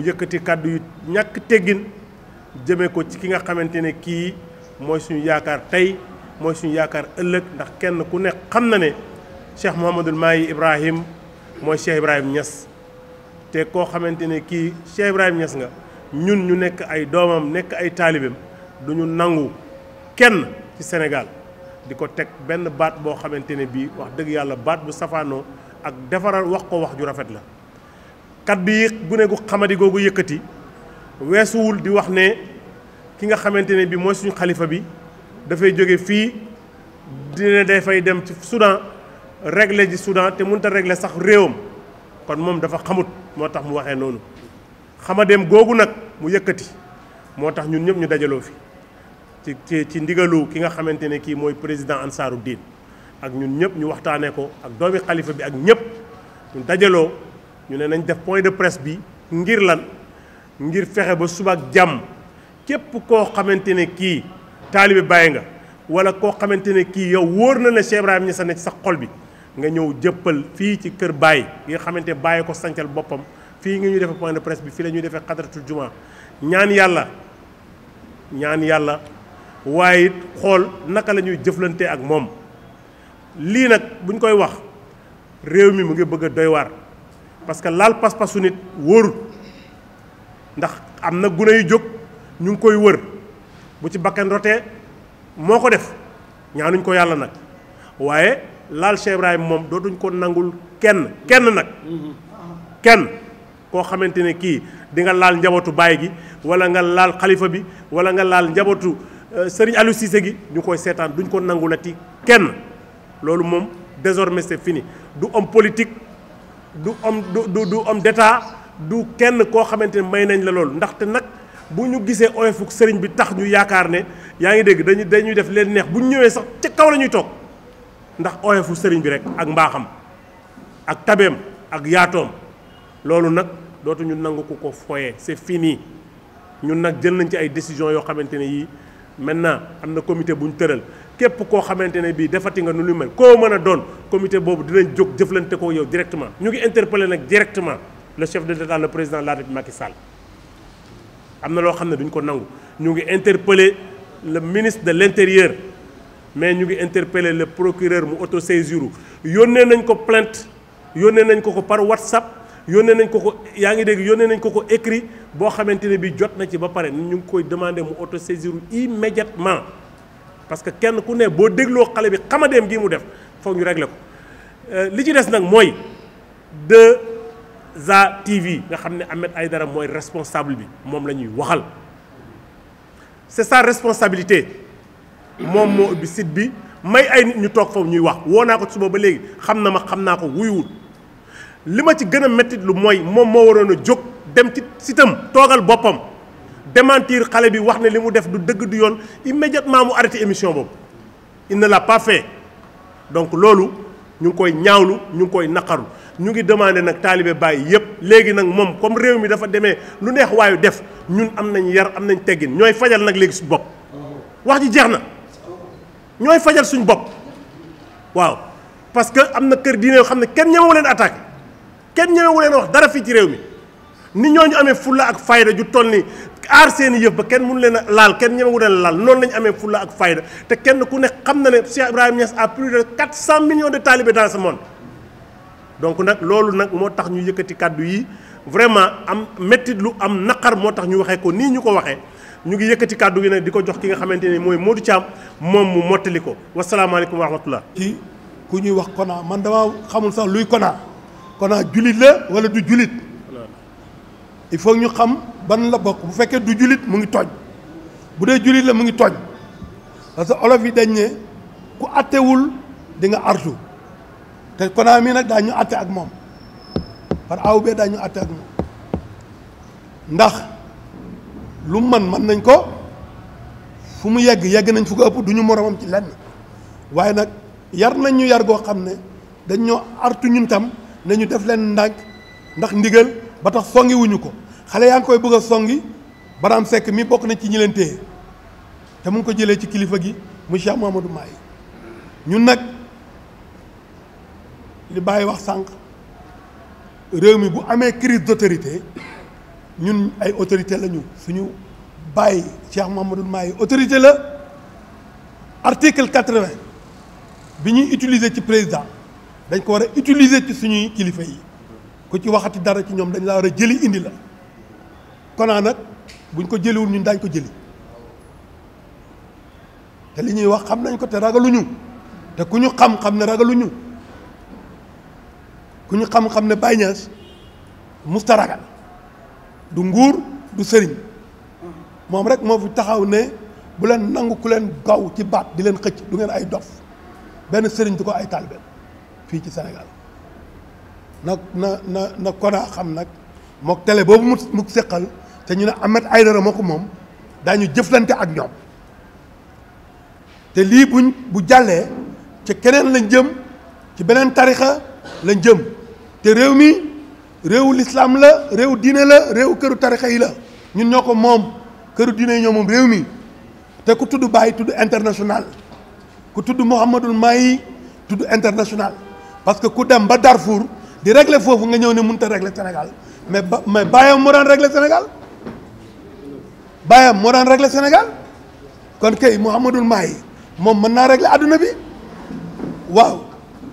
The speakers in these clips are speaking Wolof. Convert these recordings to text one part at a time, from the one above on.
mu yëkkati kàddu yu ñàkk teggin jëmee ko ci ki nga xamante ne kii mooy suñu yaakaar tey mooy suñu yaakaar ëllëg ndax kenn ku nekk xam na ne Cheikh Mouhamadul Mahi Ibrahim mooy Cheikh Ibrahim Niass te koo xamante ne kii Cheikh Ibrahim ñas nga ñun ñu nekk ay doomam nekk ay taalibeem du ñu nangu kenn ci Sénégal di ko teg benn baat boo xamante ne bii wax dëgg yàlla baat bu safaanoo ak defaral wax ko wax ju rafet la kaddu yi gune gu xamadi googu yëkkati weesuwul di wax ne ki nga xamante ne bi mooy suñu xalifa bi dafay jóge fii dina fay dem ci Soudan régler ji Soudan te mënut a régler sax réewam kon moom dafa xamut moo tax mu waxee noonu xamadeem googu nag mu yëkkati moo tax ñun ñëpp ñu dajaloo fi ci ci ndigalu ki nga xamante ne kii mooy président Ansaaru Diin ak ñun ñëpp ñu waxtaanee ko ak doomi xalifa bi ak ñëpp ñu dajaloo ñu ne nañ def point de presse bi ngir lan ngir fexe ba suba ak jàmm képp koo xamante ne kii taalibe bàyyi nga wala koo xamante ne kii yow wóor na la Cheikh Ibrahima Niass ne ci sa xol bi nga ñëw jëppal fii ci kër Baye nga xamante Baye ko sancal boppam fii nga ñuy defee point de presse bi fii lañuy ñuy defee xadratul juma ñaan yàlla ñaan yàlla waaye xool naka lañuy ñuy jëflante ak moom lii nag buñ koy wax réew mi mu ngi bëgg a doy waar parce que laal pas-pasu nit wóorut ndax am na gune yu jóg ñu ngi koy wër bu ci bakkan rotee moo ko def ñaanuñ ko yàlla nag waaye laal Cheikh Ibrahima moom dootuñ ko nangul kenn kenn nag kenn koo xamante ne kii di nga laal njabootu baay gi wala nga laal xalifa bi wala nga laal njabootu euh, Serigne Aliou gi ñu koy seetaan duñ ko nangulati kenn loolu moom désormais c'est fini du homme politique du homme du du du homme d'état du kenn koo xamante ne may nañ la loolu ndaxte nag bu ñu gisee oyofuk sëriñ bi tax ñu yaakaar ne yaa ngi dégg dañu dañuy def leen neex bu ñu ñëwee sax ca kaw la ñuy toog ndax oyofu sëriñ bi rek ak mbaaxam ak tabeem ak yaatoom loolu nag dootuñu nangu ku ko foye c'est fini ñun nag jël nañ ci ay décisions yoo xamante ni yii. maintenant am na comité buñ tëral képp koo xamante ne bii defati nga nu lu mel koo mën a doon comité boobu dinañ jóg jëflante ko yow directement ñu ngi interpellé nag directement le chef de l'État le président de la République am na loo xam ne duñ ko nangu ñu ngi interpellé le ministre de l'Intérieur mais ñu ngi interpellé le procureur mu auto saisiru yónnee nañ ko plainte yónnee nañ ko ko par WhatsApp yónnee nañ ko ko yaa ngi dégg yónnee nañ ko ko écrit boo xamante ne bi jot na ci ba pare ñu ngi koy demandé mu auto saisir immédiatement parce que kenn ku ne boo dégloo xale bi xamadeem gi mu def foog ñu réglé ko euh, li ci des nag mooy 2 za TV nga xam ne ay dara mooy responsable bi moom la ñuy waxal c'est sa responsabilité moom moo ubbi site bi may ay nit ñu toog foofu ñuy wax woo naa ko suba ba léegi xam na ma xam naa ko wuyuwul li ma ci gën a métti lu mooy moom moo waroon a jóg dem ci sitam toogal boppam démentir xale bi wax ne li mu def du dëgg du yoon immédiatement mu arrêté émission boobu il ne l'a pas donc loolu ñu ngi koy ñaawlu ñu ngi koy naqaru ñu ngi demandé nag taalibe bàyyi yëpp léegi nag moom comme réew mi dafa demee lu neex waayu def ñun am nañ yar am nañ teggin ñooy fajal nag léegi suñu bopp wax ji jeex na ñooy fajal suñu bopp waaw parce que am na kër diine yoo xam ne kenn ñemewu leen kenn ñemewu leen wax dara fii ci réew mi ñoo ñu amee fulla ak fayda ju toll ni aar seen i yëf ba kenn mënu leen a laal kenn ñemewu leen laal noonu lañu amee fulla ak fayda te kenn ku ne xam na ne Cheikh Ibrahima Niass a plus de 400 millions de talibés dans ce monde nag loolu nag moo tax ñu yëkkati kàddu yi vraiment am méttit lu am naqar moo tax ñu waxee ko nii ñu ko waxee ñu ngi yëkkati kàddu yi nag di ko jox ki nga xamante ni mooy Modou Thiam moom mu mottali ko wasalaamaaleykum wa rahmatullah. ku ñuy wax kona man damaa xamul sax luy kona kon ah julit la wala du julit il faut ñu xam ban la bokk bu fekkee du julit mu ngi tooñ bu dee julit la mu ngi toj parce que olof yi dañ ne ku attewul dinga nga artu te konaa mi nag daa ñu atte ak moom par aw bee daa ñu ndax lu man man nañ ko fu mu yegg yegg nañ fu ko ëpp du ñu moromam ci lenn waaye nag yar nañ ñu yar goo xam ne dañ ñoo artu ñun tam nañu def leen ndànk ndax ndigal ba tax songi ko xale yaa ngi koy bëgg songi songi baraam sekk mi bokk nañ ci ñi leen téye te mu ngi ko jëlee ci kilifa gi mu Cheikh Mouhamadou Mahi ñun nag li bàyyi wax sànq réew mi bu amee crise d'autorité ñun ay autorité la ñu suñu bàyyi Cheikh Mouhamadou Mahi autorité la article quatre-vingt bi ñuy utiliser ci président dañ ko war a utiliser ci suñuy kilifa yi ku ci waxati dara ci ñoom dañ laa war a jëli indi la konaa nag buñ ko jëliwul ñun daañ ko jëli te li ñuy wax xam nañ ko te ragaluñu te ku ñu xam-xam ne ragaluñu ku ñu xam-xam ne Baye Niass musta ragal du nguur du sëriñ moom rek moo fi taxaw ne bu leen nangu ku leen gaw ci baat di leen xëcc du ngeen ay dof benn sëriñ du ko ay taalibe fii ci Sénégal na na na na Kona xam nag mook tele boobu mu mu seqal te ñu ne Ahmed Aïdara moo ko moom daañu jëflante ak ñoom te lii buñ bu jàllee ci keneen lañ jëm ci beneen tarixa lañ jëm te réew mi réewu lislaam la réew diine la réew këru tarixa yi la ñun ñoo ko moom këru diine yi ñoo réew mi te ku tudd Baye tudd international ku tudd Mouhamadul Mahi tudd international parce que ku dem ba Darfour di régler foofu nga ñëw ne mënut a régler Sénégal mais ba mais bàyyam moo daan régler Sénégal bàyyam moo daan régler Sénégal kon kay Mouhamadul Mahi moom mën naa régler àdduna bi waaw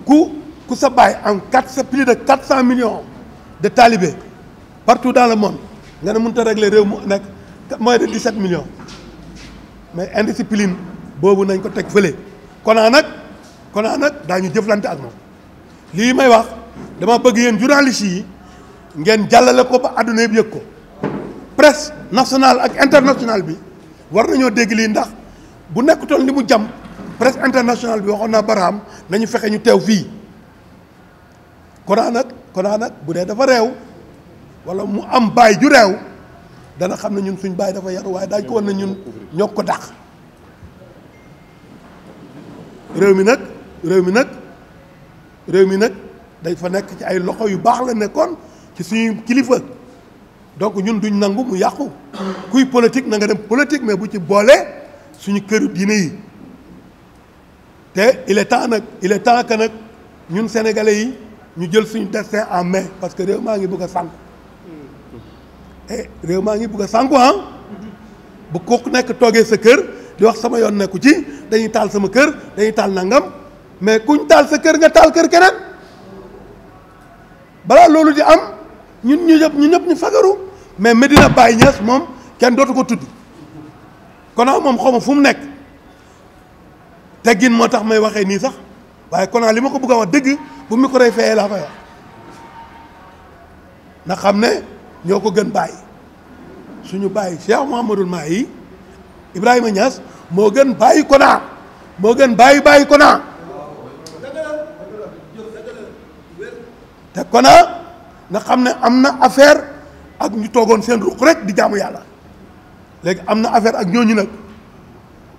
ku ku sa bàyyi en quatre sa plus de quatre cent millions de talibés partout dans le monde nga ne mënut a régler réew mu nekk moins de dix-sept millions mais indiscipline boobu nañ ko teg fële kon nag kon nag daañu jëflante ak moom. lii may wax dama bëgg yéen journalistes yi ngeen jàllale ko ba àdduna yëpp yëg ko presse national ak international bi war nañoo dégg lii ndax bu nekkutoon li mu jam presse international bi waxoon naa baraam nañu fexe ñu teew fii konaa nag konaa nag bu dee dafa reew wala mu am baay ju reew dana xam ne ñun suñ baay dafa yaru waaye dañ ko war na ñun ñoo ko dàq réew mi nag réew mi nag réew mi nag dañ fa nekk ci ay loxo yu baax la nekkoon ci suñu kilifa donc ñun duñ nangu mu yàqu kuy politique na nga dem politique mais bu ci boole suñu kër diine yi te il est temps nag il est temps que nag ñun sénégalais yi ñu jël suñu destin en mais parce que réew maa ngi bëgg a sànku hmm. eh réew maa ngi bëgg a sànku ah bu ku nekk toogee sa kër di wax sama yoon nekku ci dañuy taal sama kër dañuy taal nangam. mais kuñ taal sa kër nga taal kër keneen balaa loolu di am ñun ñu ñëpp ñu ñëpp ñu fagaru mais Medina Baye Niass moom kenn dootu ko tudd Kona moom xaw ma fu mu nekk teggin moo tax may waxee nii sax waaye Kona li ma ko bëgg a wax dëgg bu mi ko rey feyee laa koy wax na xam ne ñoo ko gën bàyyi suñu bàyyi Cheikh Mouhamadul yi Ibrahima Niass moo gën bàyyi Kona moo gën bàyyi bàyyi Kona te kona ah, na xam ne am na affaire ak ñu toogoon seen ruq rek di jaamu yàlla léegi am na affaire ak ñooñu nag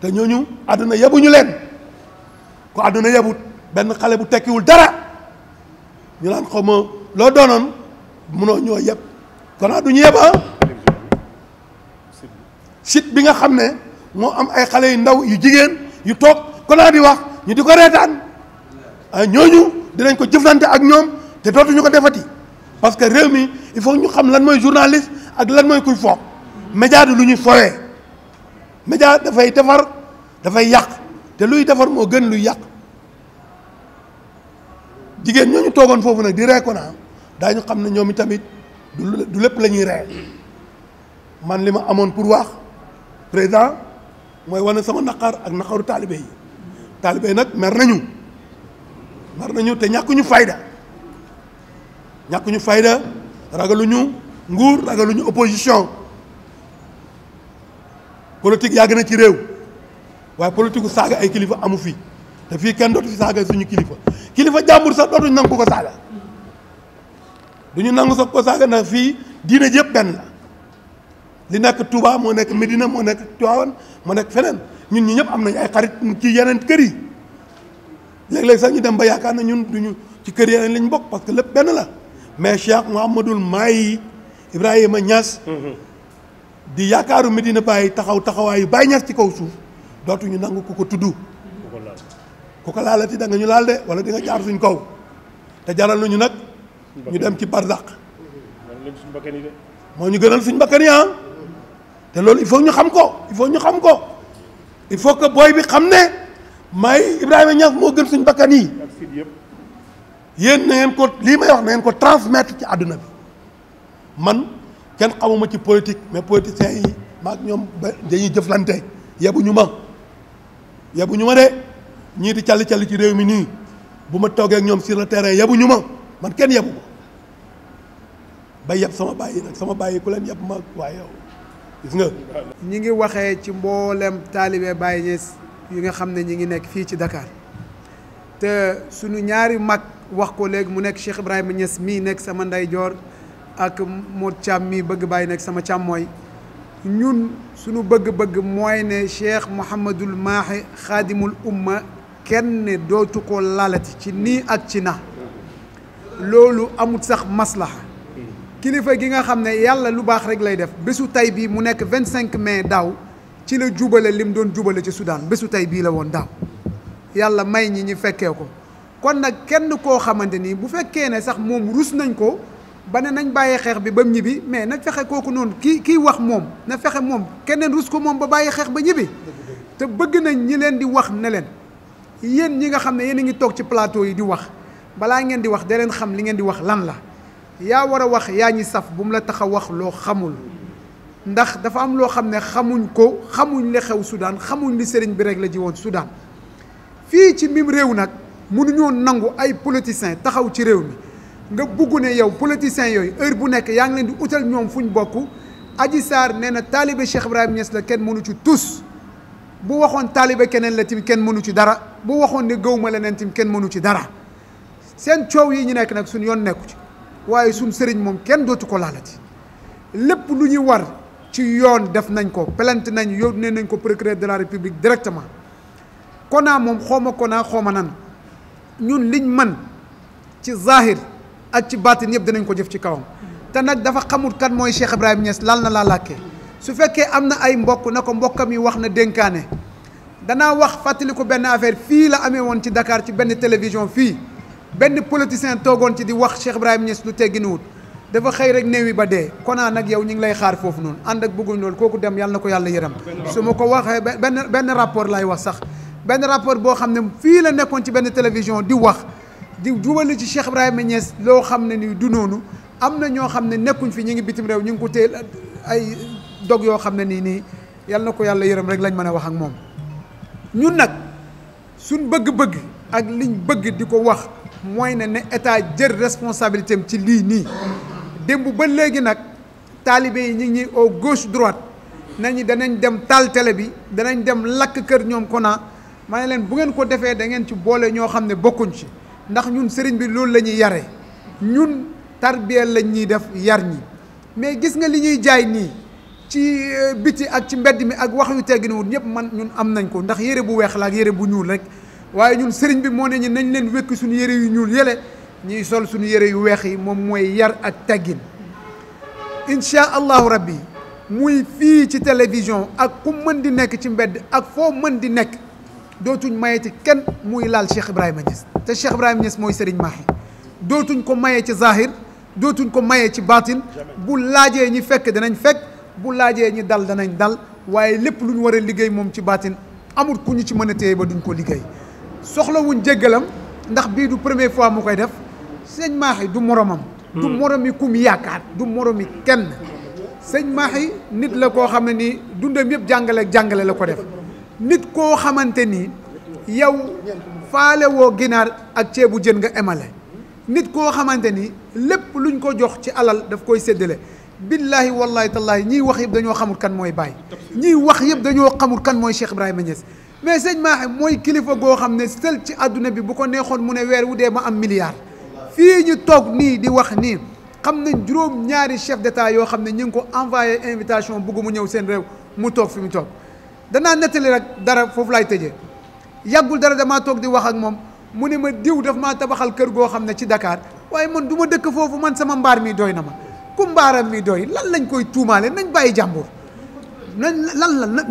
te ñooñu àdduna yabuñu leen ko àdduna yabut benn xale bu tekkiwul dara ñu naan xaw ma loo doonoon mënoo ñoo yeb kona ah, du ñu yeb ah. sit bi nga xam ne moo am ay xale yu ndaw yu jigéen yu toog kona di wax ñu di ko reetaan ñooñu dinañ ko jëflante ak ñoom te dootuñu ko defati parce que réew mi il faut ñu xam lan mooy journaliste ak lan mooy kuy foog média lu ñuy foyee média dafay defar dafay yàq te luy defar moo gën luy yàq jigéen ñooñu toogoon foofu nag di ree ko naa daañu xam ne ñoom tamit du lépp la ñuy ree man li ma amoon pour wax président mooy wane sama naqar ak naqaru taalibe yi taalibe nag mer nañu mer nañu te ñàkkuñu fayda ñàkkuñu fayda ragaluñu nguur ragaluñu opposition politique yàgg na ci réew waaye politique u saaga ay kilifa amu fi te fii kenn dootu fi saaga suñu kilifa kilifa jàmbur sax dootuñu nangu ko saaga duñu nangu sax ko saaga ndax fii diine jëpp benn la li nekk Touba moo nekk Medina moo nekk Tivaouane moo nekk feneen ñun ñi ñëpp am nañu ay xarit ci yeneen kër yi léeg sax ñu dem ba yaakaar na ñun duñu ci kër yeneen lañ bokk parce que lépp benn la mais Cheikh Mouhamadul Mahi Ibrahima Niass. di yaakaaru Medina Baye taxaw taxawaayu Baye Niass ci kaw suuf dootuñu nangu ko ko tudd. ku ko laalati da nga ñu laal de wala di nga jaar suñ kaw te jaral nañu nag. ñu dem ci barzaq. moo ñu gënal suñ bakkan yi ah. te loolu il faut ñu xam ko il faut ñu xam ko il faut que booy bi xam ne Mahi Ibrahima Niass moo gën suñ bakkan yi. yéen na ngeen ko wax na ngeen ko ci àdduna man kenn xamuma ci politique mais politiciens yi maag ñoom ba dañuy jëflante yebu ñu ma yebu ñu ma ñii di calli calli ci réew mi nii bu ma toogee ñoom si le terrain yebu ñu ma man kenn yebu ko ba yeb sama bàyyi nag sama bàyyi ku leen yeb ma waaye yow gis nga. ñi ngi waxee ci mboolem taalibe bàyyi Niass yi nga xam ne ñi ngi nekk fii ci Dakar te sunu ñaari mag. wax ko léegi mu nekk Cheikh Ibrahima Niass mii nekk sama ndeyjoor ak Modou Thiam mii bëgg bàyyi nekk sama càmmooy ñun sunu bëgg-bëgg mooy ne Cheikh Mouhamadul Mahi xaadimul umma kenn dootu ko laalati ci nii ak ci na loolu amut sax maslaha kilifa gi nga xam ne yàlla lu baax rek lay def bésu tey bii mu nekk vingt cinq mai daaw ci la jubale mu doon jubale ci Soudan bésu tey bii la woon daaw yàlla may ñi ñi fekkee ko kon nag kenn koo xamante ni bu fekkee ne sax moom rus nañ ko ba ne nañ bàyyi xeex bi ba mu ñibbi mais na fexe kooku noonu kii kii wax moom na fexe moom keneen rus ko moom ba bàyyi xeex ba ñibbi te bëgg nañ ñi leen di wax ne leen yéen ñi nga xam ne yéen a ngi toog ci plateau yi di wax balaa ngeen di wax da leen xam li ngeen di wax lan la yaa war a wax yaa ñi saf bu mu la tax a wax loo xamul ndax dafa am loo xam ne xamuñ ko xamuñ li xew Soudan xamuñ li sëriñ bi rek la ji woon Soudan fii ci mim réew nag mënuñoo nangu ay politiciens taxaw ci réew mi nga bugg ne yow politiciens yooyu heure bu nekk yaa ngi leen di utal ñoom fu ñu bokk Adji Sarr nee na taalibe Cheikh Ibrahima Niass la kenn mënu ci tus bu waxoon taalibe keneen la tamit kenn mënu ci dara bu waxoon ne gëw ma leneen tim kenn mënu ci dara seen coow yi ñu nekk nag suñ yoon nekku ci waaye suñu sëriñ moom kenn dootu ko laalati lépp lu ñuy war ci yoon def nañ ko plainte nañ yónnee nañ ko procureur de la république directement konaa moom xooma konaa xooma nan ñun liñ man ci zahir ak ci baatin yëpp dinañ ko jëf ci kawam te nag dafa xamut kan mooy Cheikh Ibrahima Niass laal na laa làkkee su fekkee am na ay mbokk na ko mbokkam yi wax na dénkaane danaa wax fàttali ko benn affaire fii la amee woon ci dakaar ci benn télévision fii benn politicien toogoon ci di wax Cheikh Ibrahima Niass lu tegginuwut dafa xëy rek néew yi ba dee konaa nag yow ñu ngi lay xaar foofu noonu ànd ak bëgguñ loolu kooku dem yàlla ko yàlla yëram su ma ko waxee benn benn rapport lay wax sax benn rapport boo xam ne fii la nekkoon ci benn télévision di wax di jubali ci Cheikh Ibrahima Niass loo xam ne nii du noonu am na ñoo xam ne nekkuñ fii ñu ngi bitim réew ñu ngi ko téel ay dog yoo xam ne nii nii yal na ko yàlla yërëm rek lañ mën a wax ak moom. ñun nag suñ bëgg-bëgg ak liñ bëgg di ko wax mooy ne ne état jër responsabilité am ci lii nii démb ba léegi nag taalibe yi ñu ngi au gauche droite nañu danañ dem taal télé bi danañ dem lakk kër ñoom Kona. ma ne leen bu ngeen ko defee da ngeen ci boole ñoo xam ne bokkuñ ci ndax ñun sëriñ bi loolu la ñuy yare ñun tarbiyel lañ ñuy def yar ñi mais gis nga li ñuy jaay nii ci euh, biti ak ci mbedd mi ak wax yu tegginuwul ñëpp man ñun am nañ ko ndax yére bu weex la ak yére bu ñuul rek waaye ñun sëriñ bi moo ne nañ leen wekk suñu yére yu ñuul yële ñuy sol suñu yére yu weex yi moom mooy yar ak teggin incha allahu rabbi muy fii ci télévision ak ku mën di nekk ci mbedd ak foo mën di nekk dootuñ maye ci kenn muy laal Cheikh Ibrahima Niass te Cheikh Ibrahima Niass mooy Serigne Mahi dootuñ ko maye ci zahir dootuñ ko maye ci baatin bu laajee ñi fekk danañ fekk bu laajee ñi dal danañ dal waaye lépp lu ñu war liggéey moom ci baatin amul ku ñu ci mën a téye ba duñ ko liggéey soxlawuñ jéggalam ndax bii du premier fois mu koy def sëñ Mahi du moromam. du hmm. moromi kum yaakaar du moromi kenn. sëñ Mahi nit la koo xam ne nii dundam yëpp jàngale jàngale la ko def. nit koo xamante ni yow faale woo ginaar ak ceebu jën nga emale nit koo xamante ni lépp luñ ko jox ci alal daf koy seddale billahi wallahi tallahi ñiy wax yëpp dañoo xamul kan mooy Baye ñiy wax yëpp dañoo xamul kan mooy Cheikh Ibrahima Niass mais sëñ Mahi mooy kilifa goo xam ne sel ci àdduna bi bu ko neexoon mu ne weer wu dee ma am milliard fii ñu toog nii di wax nii xam nañ juróom ñaari chef d'état yoo xam ne ñu ngi ko envoyé invitation bugg mu ñëw seen réew mu toog fi mu toog danaa nettali rek dara foofu laay tëjee yàggul dara damaa toog di wax ak moom mu ne ma diw daf maa tabaxal kër goo xam ne ci dakaar waaye man du ma dëkk foofu man sama mbaar mii doy na ma ku mbaaram mi doy lan lañ koy tuumaale nañ bàyyi jàmbur na lan la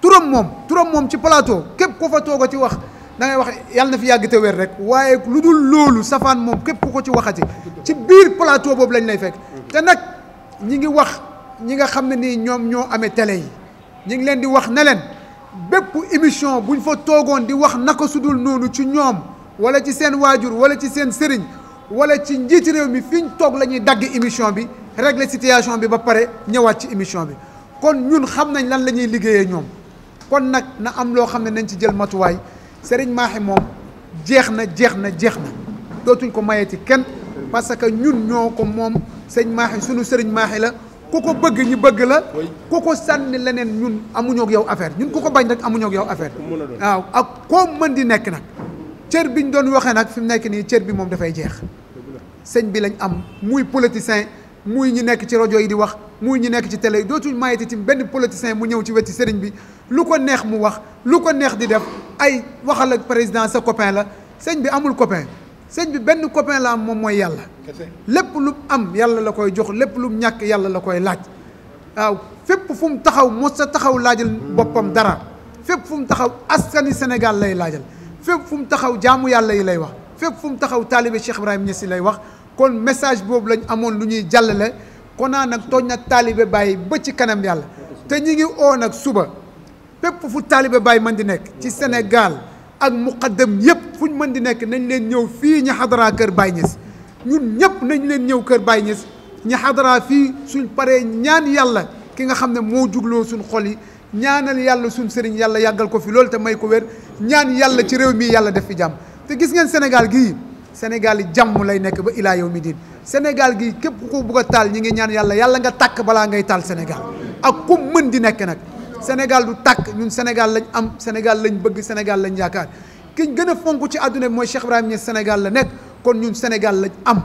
turam moom turam moom ci plateau képp ko fa toog a ci wax da wax yàlla na fi yàgg te wér rek waaye lu dul loolu safaan moom képp ku ko ci waxati ci biir plateau boobu lañ lay fekk te nag ñi ngi wax ñi nga xam ne nii ñoom ñoo amee télé yi ñu ngi leen di wax ne leen bépp émission buñ fa toogoon di wax naka sudul noonu ci ñoom wala ci seen waajur wala ci seen sëriñ wala ci njiiti réew mi fii ñu toog la ñuy dagg émission bi régler situation bi ba pare ñëwaat ci émission bi kon ñun xam nañ lan la ñuy liggéeyee ñoom kon nag na am loo xam ne nañ ci jël matuwaay sëriñ Mahi moom jeex na jeex na jeex na dootuñ ko mayeti kenn parce que ñun ñoo ko moom sëriñ Mahi suñu sëriñ Mahi la ku ko bëgg ñu bëgg la ku ko sànni leneen ñun amuñoo yow affaire ñun ku ko bañ rek amuñoo yow affaire waaw ak koo mën di nekk nag cër bi ñu doon waxee nag fi mu nekk nii cër bi moom dafay jeex sëñ bi lañ am muy politicien muy ñu nekk ci rajo yi di wax muy ñu nekk ci télé yi dootuñ mayati tim benn politicien mu ñëw ci wetu sëriñ bi lu ko neex mu wax lu ko neex di def ay waxal ak président sa copain la sëñ bi amul copain sëñ bi benn copain la am moom mooy yàlla lépp lu am yàlla la koy jox lépp lu ñàkk yàlla la koy laaj waaw fépp fu mu taxaw mos sa taxaw laajal boppam dara fépp fu mu taxaw askani Sénégal lay laajal fépp fu mu taxaw jaamu yàlla yi lay wax fépp fu mu taxaw taalibe Cheikh Ibrahima Niass lay wax kon message boobu lañ amoon lu ñuy jàllale konaa nag tooñ nag taalibe bàyyi ba ci kanam yàlla te ñi ngi oo nag suba fépp fu taalibe bàyyi man di nekk ci Sénégal ak muqaddam yëpp fu ñu mën di nekk nañ leen ñëw fii ña xadaraa kër Baye Niass ñun ñëpp nañ leen ñëw kër Baye Niass ña xadaraa fii suñ paree ñaan yàlla ki nga xam ne moo jugloo suñ xol yi ñaanal yàlla suñu sëriñ yàlla yàggal ko fi loolu te may ko wér ñaan yàlla ci réew mii yàlla def fi jàmm te gis ngeen Sénégal gii Sénégal yi jàmm lay nekk ba ilaa yow mi diin Sénégal gii képp ku ko bugg taal ñi ngi ñaan yàlla yàlla nga tàkk balaa ngay taal Sénégal ak ku mën di nekk nag Sénégal du tàkk ñun Sénégal lañ am Sénégal lañ bëgg Sénégal lañ yaakaar kiñ gën a fonk ci àdduna bi mooy Cheikh Ibrahima Niass Sénégal la nekk kon ñun Sénégal lañ am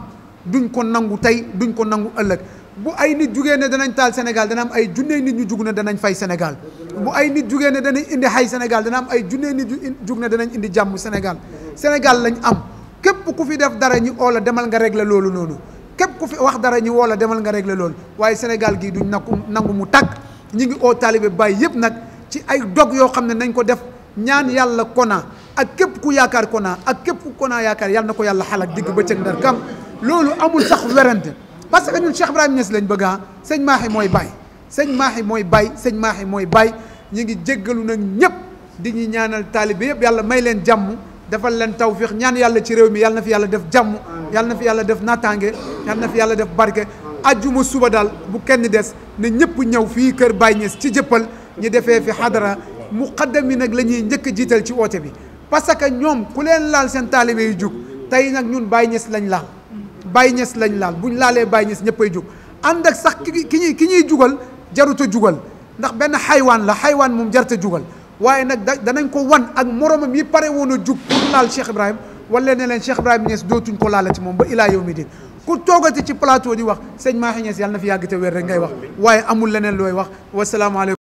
duñ ko nangu tey duñ ko nangu ëllëg bu ay nit jugee ne danañ taal Sénégal dana ay junney nit ñu jug na danañ fay Sénégal bu ay nit jugee ne danañ indi xay Sénégal dana am ay junney nit ñu jug ne danañ indi jàmm Sénégal Sénégal lañ am képp ku fi def dara ñi oola demal nga régler loolu noonu képp ku fi wax dara ñu woola demal nga régler loolu waaye Sénégal gii duñ nangu mu tàkk ñu ngi oo taalibe Baay yëpp nag ci ay dog yoo xam ne nañ ko def ñaan yàlla kona ak képp ku yaakaar kona ak képp ku kona yaakaar yàlla na ko yàlla xalaat digg bëccëg ndar kam loolu amul sax werante parce que ñun Cheikh Ibrahima Niass lañ bëgg ah sëñ Mahi mooy Baay sëñ Mahi mooy Baay sëñ Mahi mooy Baay ñu ngi jéggalu nag ñëpp di ñu ñaanal taalibe yëpp yàlla may leen jàmm defal leen tawfiix ñaan yàlla ci réew mi yàlla na fi yàlla def jàmm yàlla na fi yàlla def naataange yàlla na yàlla def barke ajjuma suba daal bu kenn des na ñëpp ñëw fii kër Baye Niass ci jëppal ñu defee fi xadara muqaddam yi nag la ñuy njëkk jiital ci woote bi parce que ñoom ku leen laal seen taalibe yu jug tey nag ñun Baye Niass lañ laal Baye Niass lañ laal buñ laalee Baye Niass ñëppay jug ànd ak sax ki ki ñuy ki ñuy jugal jaruta jugal ndax benn xaywaan la xaywaan moom jarta jugal waaye nag da danañ ko wan ak moromam yi pare woon a jug pour laal Cheikh Ibrahim wala ne leen Cheikh Ibrahim Niass dootuñ ko laalati moom ba ilaa mi din ku toogati ci plateau di wax sëñ Mahi Niass yàlla na fi yàgg te wér rek ngay wax waaye amul leneen looy wax wasalaamaaleykum